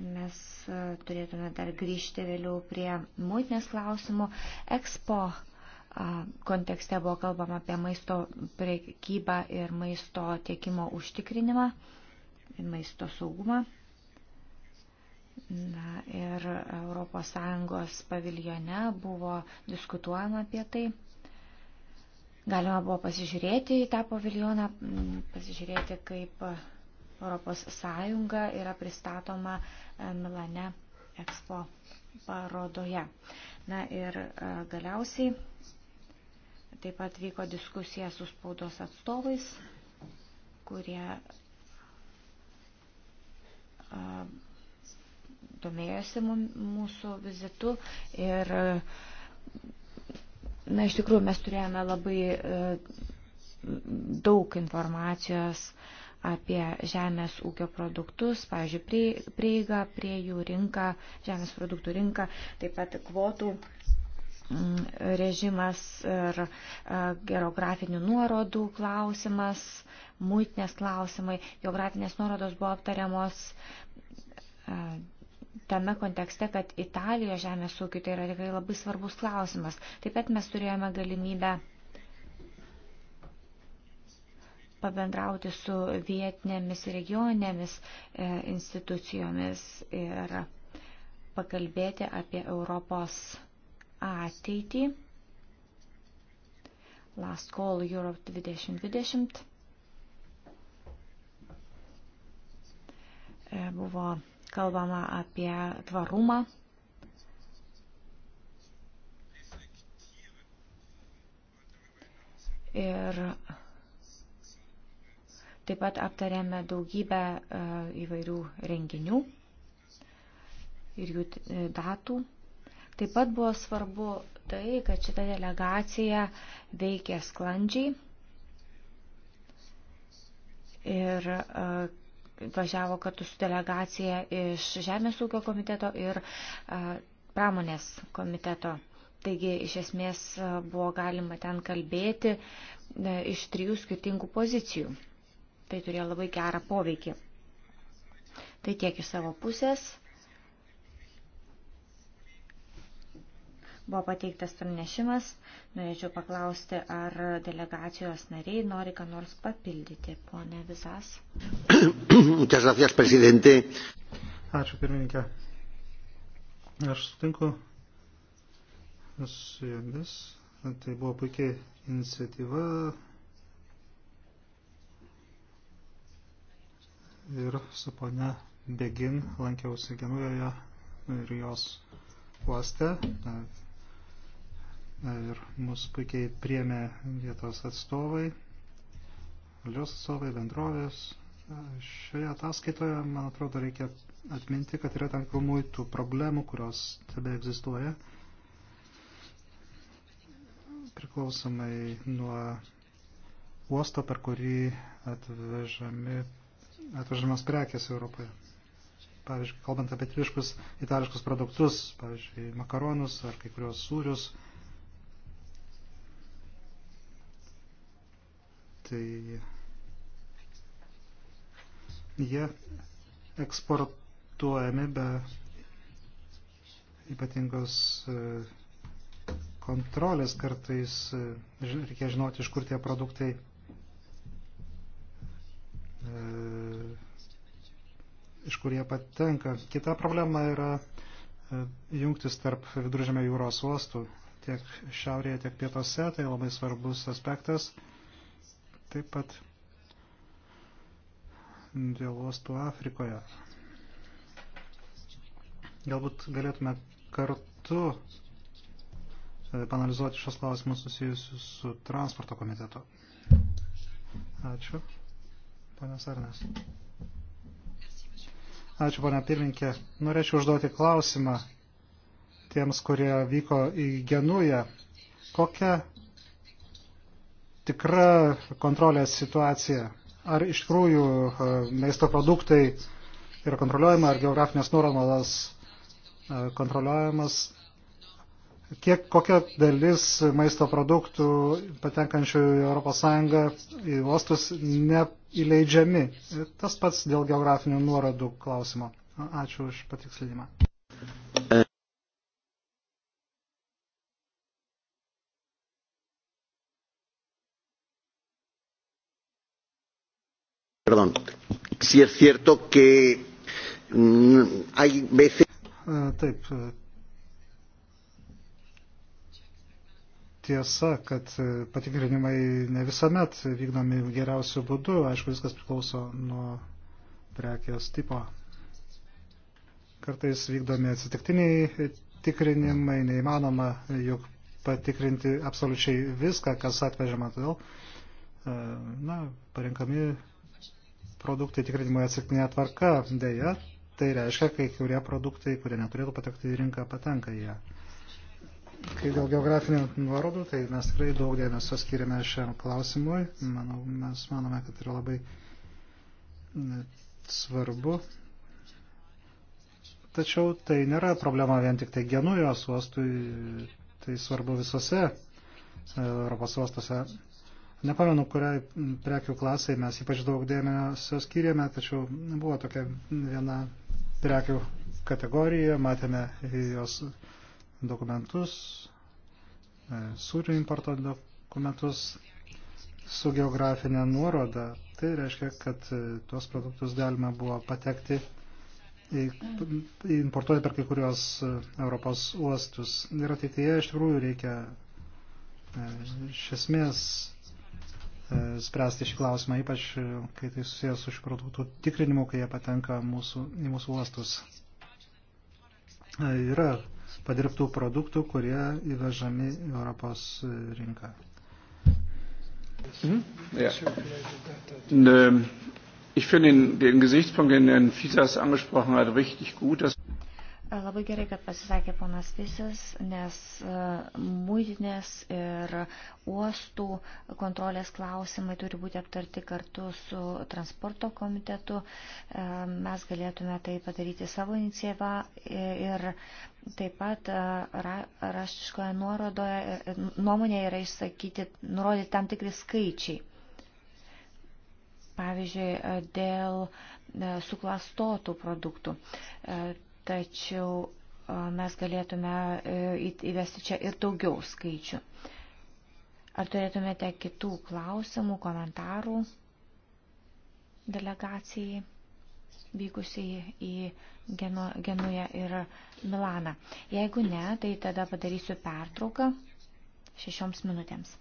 Mes e, turėtume dar grįžti vėliau prie muitinės klausimų. Expo kontekste buvo kalbama apie maisto prekybą ir maisto tiekimo užtikrinimą, maisto saugumą. Na, ir ES paviljone buvo diskutuojama apie tai. Galima buvo pasižiūrėti į tą paviljoną, pasižiūrėti, kaip Europos Sąjunga yra pristatoma e, Milane Expo parodoje. Na ir e, galiausiai taip pat vyko diskusija su spaudos atstovais, kurie e, domėjosi mūsų vizitu ir na, iš tikrųjų mes turėjome labai daug informacijos uh, apie žemės ūkio produktus, pavyzdžiui, prieigą prie jų rinką, žemės produktų rinką, taip pat kvotų mm, režimas ir e, geografinių nuorodų klausimas, muitinės klausimai, geografinės nuorodos buvo aptariamos e, tame kontekste, kad Italijos žemės ūkiui tai yra tikrai labai svarbus klausimas. Taip pat mes turėjome galimybę pabendrauti su vietinėmis regioninėmis e, institucijomis ir pakalbėti apie Europos ateitį. Last Call Europe 2020 e, buvo kalbama apie tvarumą. Ir Taip pat aptarėme daugybę e, įvairių renginių ir jų e, datų. Taip pat buvo svarbu tai, kad šita delegacija veikė sklandžiai ir e, važiavo kartu su delegacija iš Žemės ūkio komiteto ir pramonės komiteto. Taigi, iš esmės, buvo galima ten kalbėti iš trijų skirtingų pozicijų. Tai turėjo labai gerą poveikį. Tai tiek iš savo pusės. Buvo pateiktas pranešimas. Norėčiau paklausti, ar delegacijos nariai nori ką nors papildyti. Pone Vizas. Muchas gracias, presidente. Ačiū, pirmininkė. Aš sutinku su jumis. Tai buvo puikiai iniciatyva ir su pone Begin lankiausi Genujoje ir jos uoste. Ir mus puikiai priemė vietos atstovai, valdžios atstovai, bendrovės. Šioje ataskaitoje, man atrodo, reikia atminti, kad yra tam tikrų tų problemų, kurios tebe egzistuoja priklausomai nuo uosto, per kurį atvežami atvežamas prekės Europoje. Pavyzdžiui, kalbant apie triškus itališkus produktus, pavyzdžiui, makaronus ar kai kurios sūrius, tai jie eksportuojami be ypatingos e, kontrolės kartais e, reikia žinoti, iš kur tie produktai E, iš kur jie patenka. Kita problema yra e, jungtis tarp viduržėmio jūros uostų tiek šiaurėje, tiek pietose, tai labai svarbus aspektas. Taip pat dėl uostų Afrikoje. Galbūt galėtume kartu e, panalizuoti šios klausimus susijusius su transporto komitetu. Ačiū. Panas Arnas. Ačiū, ponia pirminkė. Norėčiau užduoti klausimą tiems, kurie vyko į Genują. Kokia tikra kontrolės situacija? Ar iš tikrųjų e, maisto produktai yra kontroliuojama, ar geografinės nuorodos e, kontroliuojamas? kiek kokia dalis maisto produktų patenkančių į ES į uostus neįleidžiami. Tas pats dėl geografinių nuorodų klausimo. Ačiū už patikslinimą. Perdón. Si es cierto que mm, hay veces. Taip, tiesa, kad e, patikrinimai ne visuomet vykdomi geriausių būdų, aišku, viskas priklauso nuo prekės tipo. Kartais vykdomi atsitiktiniai tikrinimai, neįmanoma juk patikrinti absoliučiai viską, kas atvežama, todėl e, na, parinkami produktai tikrinimo atsiktinė tvarka. Deja, tai reiškia, kai kurie produktai, kurie neturėtų patekti į rinką, patenka į ją. Kai dėl geografinių nuorodų, tai mes tikrai daug dėmesio skiriame šiam klausimui. Manau, mes manome, kad yra labai svarbu. Tačiau tai nėra problema vien tik tai Genujos uostui, tai svarbu visose e, Europos uostose. Nepamenu, kuriai prekių klasiai mes ypač daug dėmesio skiriame, tačiau buvo tokia viena prekių kategorija, matėme jos dokumentus, e, sūrių importo dokumentus su geografinė nuoroda. Tai reiškia, kad e, tuos produktus galima buvo patekti importuoti per kai kuriuos e, Europos uostus. Ir ateityje iš tikrųjų reikia iš esmės spręsti šį klausimą, ypač kai tai susijęs su šių produktų tikrinimu, kai jie patenka mūsų, į mūsų uostus. Yra padirbtų produktų, kurie įvežami į Europos rinką. Hmm? Ja. Ähm, ich finde den, den Gesichtspunkt, den Herrn Fiesers angesprochen hat, richtig gut. Dass Labai gerai, kad pasisakė ponas Visas, nes muitinės ir uostų kontrolės klausimai turi būti aptarti kartu su transporto komitetu. Mes galėtume tai padaryti savo iniciatyvą ir taip pat raštiškoje nuorodoje e, nuomonėje yra išsakyti, nurodyti tam tikri skaičiai. Pavyzdžiui, dėl e, suklastotų produktų e, tačiau mes galėtume e, įvesti čia ir daugiau skaičių. Ar turėtumėte kitų klausimų, komentarų delegacijai vykusiai į Genu, Genują ir Milaną? Jeigu ne, tai tada padarysiu pertrauką šešioms minutėms.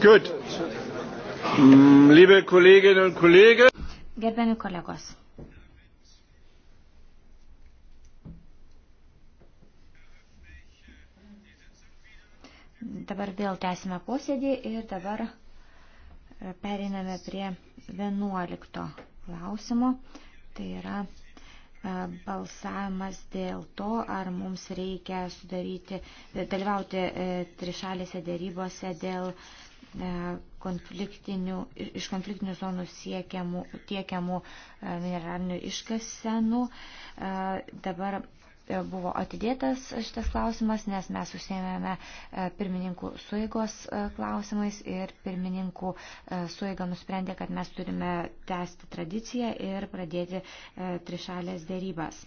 Good. Mm, liebe Kolleginnen und Kollegen. Gerbiami kolegos. Dabar vėl tęsime posėdį ir dabar pereiname prie 11 klausimo. Tai yra E, balsavimas dėl to, ar mums reikia sudaryti, dalyvauti e, trišalėse dėrybose dėl e, konfliktinių, iš konfliktinių zonų siekiamų, tiekiamų mineralinių iškasenų. Dabar E, buvo atidėtas šitas klausimas, nes mes užsėmėme e, pirmininkų suigos e, klausimais ir pirmininkų suiga nusprendė, kad mes turime tęsti tradiciją ir pradėti trišalės dėrybas.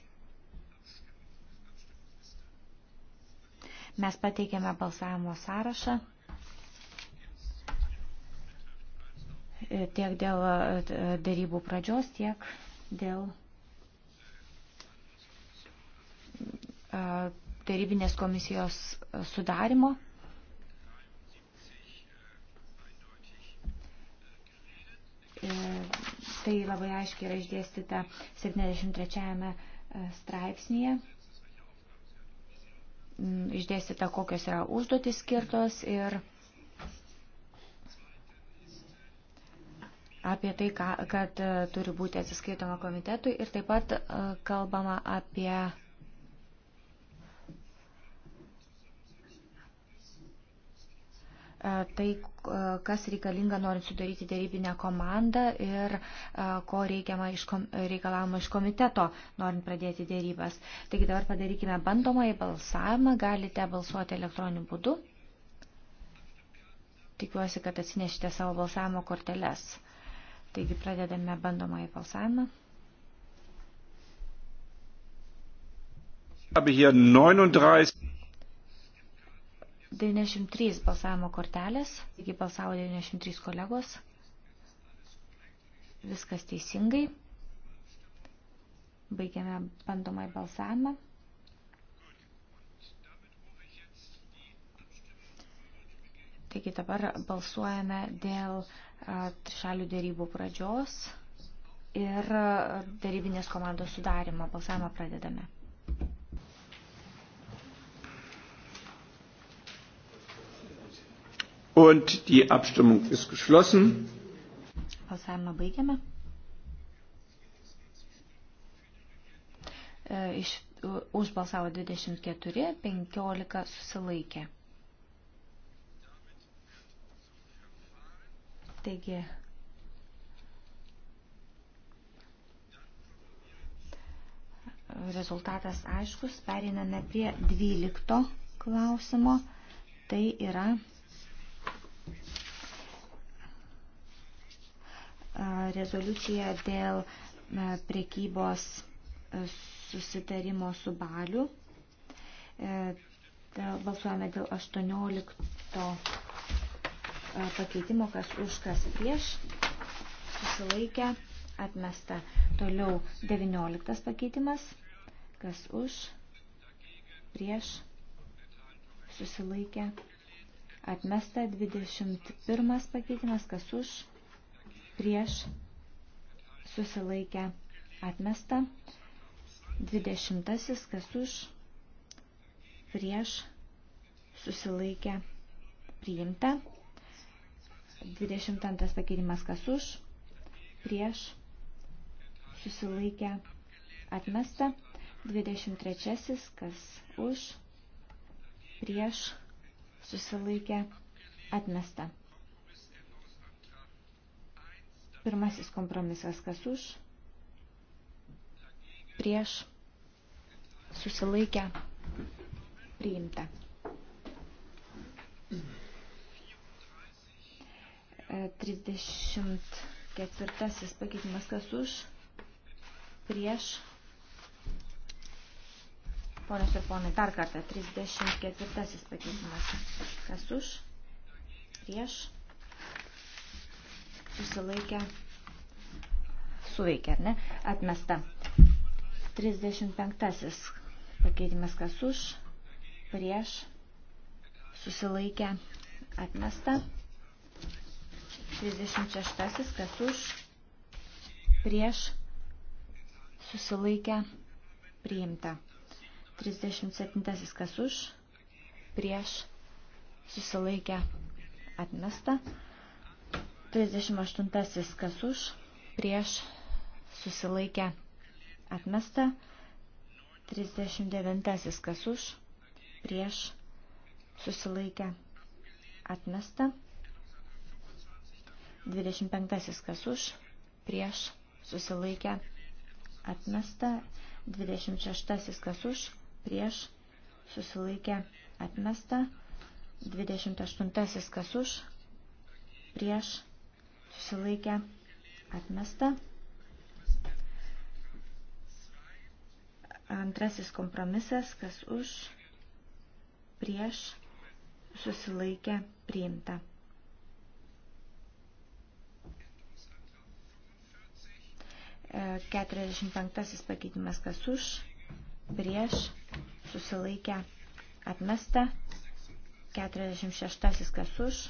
Mes pateikėme balsavimo sąrašą. Tiek dėl dėrybų pradžios, tiek dėl E, tarybinės komisijos sudarimo. E, tai labai aiškiai yra išdėstyta 73 e, straipsnėje mm, išdėstyta, kokios yra užduotis skirtos ir apie tai, kad turi būti atsiskaitoma komitetui ir taip pat kalbama apie E, tai, e, kas reikalinga norint sudaryti dėrybinę komandą ir e, ko iš kom, reikalavimo iš komiteto norint pradėti dėrybas. Taigi dabar padarykime bandomąjį balsavimą, galite balsuoti elektroniniu būdu. Tikiuosi, kad atsinešite savo balsavimo korteles. Taigi pradedame bandomąjį balsavimą. Ich habe hier 39. 93 balsavimo kortelės, taigi balsavo 93 kolegos. Viskas teisingai. Baigiame bandomai balsavimą. Taigi dabar balsuojame dėl trišalių dėrybų pradžios ir dėrybinės komandos sudarimo. Balsavimą pradedame. Und die Abstimmung ist geschlossen. Balsavimą baigiame. E, iš, už balsavo 24, 15 susilaikė. Taigi, rezultatas aiškus. Periname prie 12 klausimo. Tai yra rezoliuciją dėl prekybos e, susitarimo su Baliu. E, balsuojame dėl 18 e, pakeitimo, kas už, kas prieš. Susilaikę, atmesta. Toliau 19 pakeitimas, kas už, prieš, susilaikę. Atmesta 21 pakeitimas, kas už, prieš susilaikę atmesta. 20. Kas už prieš susilaikę priimta. 22. Pakeitimas kas už prieš susilaikę atmesta. 23. Kas už prieš susilaikę atmesta. Pirmasis kompromisas, kas už, prieš, susilaikę, priimta. 34 e, pakeitimas, kas už, prieš, ponios ir ponai, dar kartą, 34 pakeitimas, kas už, prieš, susilaikė, suveikė, ar ne, atmesta. 35. Pakeitimas kas už, prieš, susilaikė, atmesta. 36. Kas už, prieš, susilaikė, priimta. 37. Kas už, prieš, susilaikė, atmesta. 38. Kas už, prieš, susilaikę, atmesta. 39. Kas už, prieš, susilaikę, atmesta. 25. Kas už, prieš, susilaikę, atmesta. 26. Kas už, prieš, susilaikę, atmesta. 28. Kas už, prieš, susilaikė atmesta. Antrasis kompromisas, kas už, prieš, susilaikė priimta. E, 45 pakeitimas, kas už, prieš, susilaikė atmesta. 46 kas už,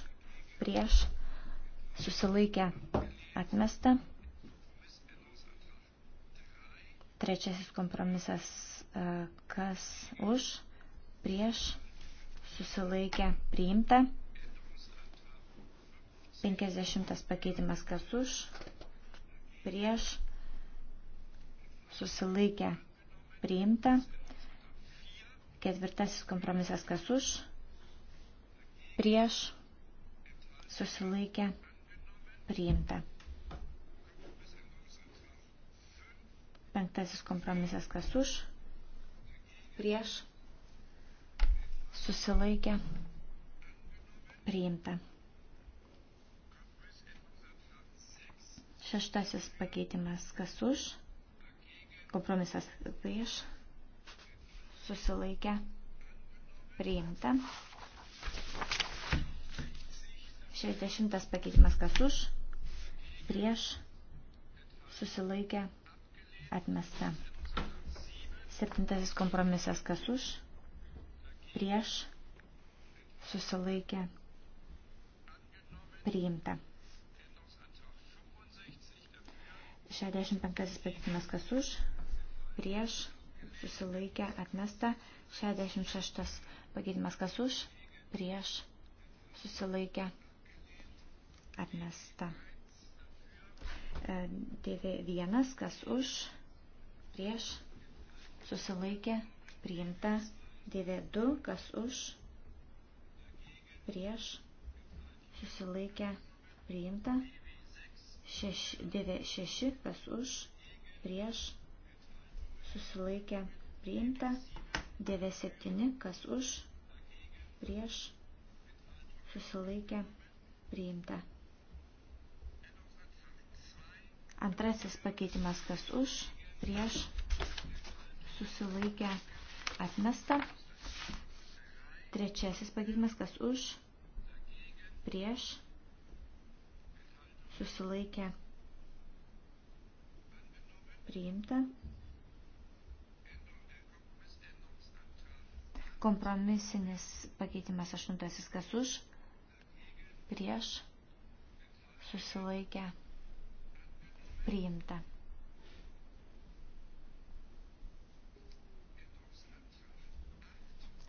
prieš, susilaikė atmesta. Trečiasis kompromisas, e, kas už, prieš, susilaikė priimta. 50 pakeitimas, kas už, prieš, susilaikė priimta. Ketvirtasis kompromisas, kas už, prieš, susilaikė priimta priimta. Penktasis kompromisas kas už, prieš, susilaikė, priimta. Šeštasis pakeitimas kas už, kompromisas prieš, susilaikė, priimta. 60 pakeitimas kas už, prieš, susilaikė, atmesta. Septintasis kompromisas, kas už, prieš, susilaikė, priimta. 65 pakeitimas, kas už, prieš, susilaikė, atmesta. 66 pakeitimas, kas už, prieš, susilaikė, atmesta. DV1, kas už, prieš, susilaikė, priimta. DV2, kas už, prieš, susilaikė, priimta. DV6, kas už, prieš, susilaikė, priimta. DV7, kas už, prieš, susilaikė, priimta. Antrasis pakeitimas kas už, prieš, susilaikę, atmesta. Trečiasis pakeitimas kas už, prieš, susilaikę, priimta. Kompromisinis pakeitimas aštuntasis kas už, prieš, susilaikę, atmesta priimta.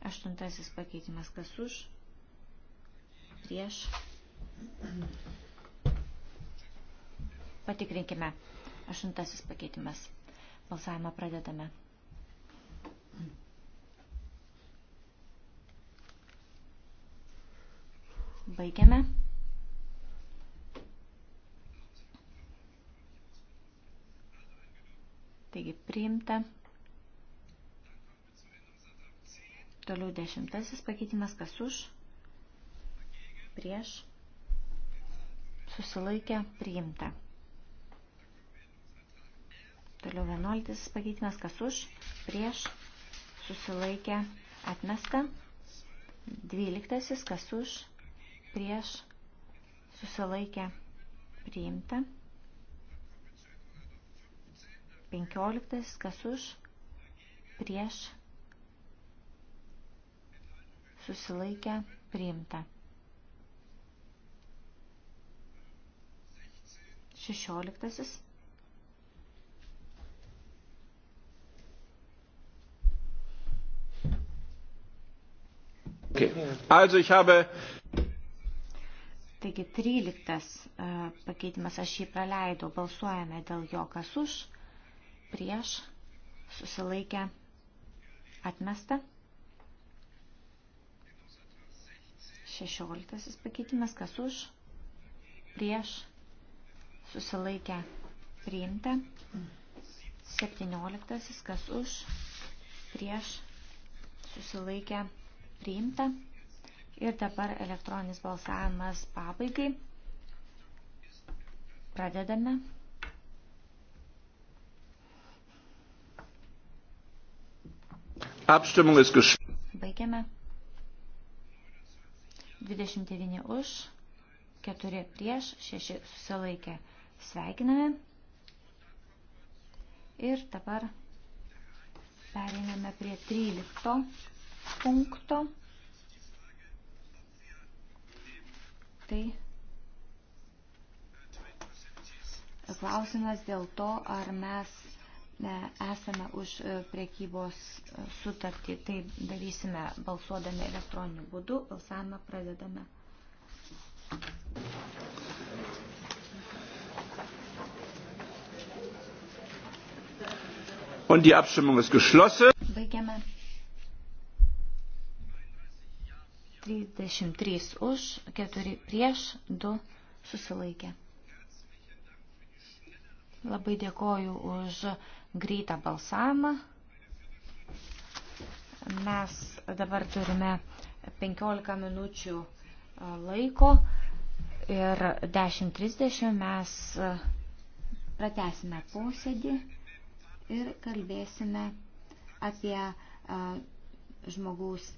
Aštuntasis pakeitimas kas už, prieš. Patikrinkime. Aštuntasis pakeitimas. Balsavimą pradedame. Baigiame. Taigi priimta. Toliau dešimtasis pakeitimas, kas už, prieš, susilaikę, priimta. Toliau vienuoliktasis pakeitimas, kas už, prieš, susilaikę, atmesta. Dvyliktasis, kas už, prieš, susilaikę, priimta. 15, kas už, prieš, susilaikę, priimta. 16. Okay. Also ich habe Taigi 13 e, pakeitimas aš jį praleidau, balsuojame dėl jo, kas už, prieš, susilaikę, atmesta. 16 pakeitimas, kas už, prieš, susilaikę, priimta. 17 kas už, prieš, susilaikę, priimta. Ir dabar elektroninis balsavimas pabaigai. Pradedame. Abstimmung ist geschlossen. Baigiame. 29 už, 4 prieš, 6 susilaikė. Sveikiname. Ir dabar pereiname prie 13 punkto. Tai klausimas dėl to, ar mes esame už e, priekybos e, sutartį. Tai darysime balsuodami elektroniniu būdu. Balsavimą pradedame. Und die Abstimmung ist geschlossen. Baigiame. 33 už, 4 prieš, 2 susilaikė. Labai dėkoju už greitą balsavimą. Mes dabar turime 15 minučių e, laiko ir 10.30 mes e, pratesime posėdį ir kalbėsime apie e, žmogaus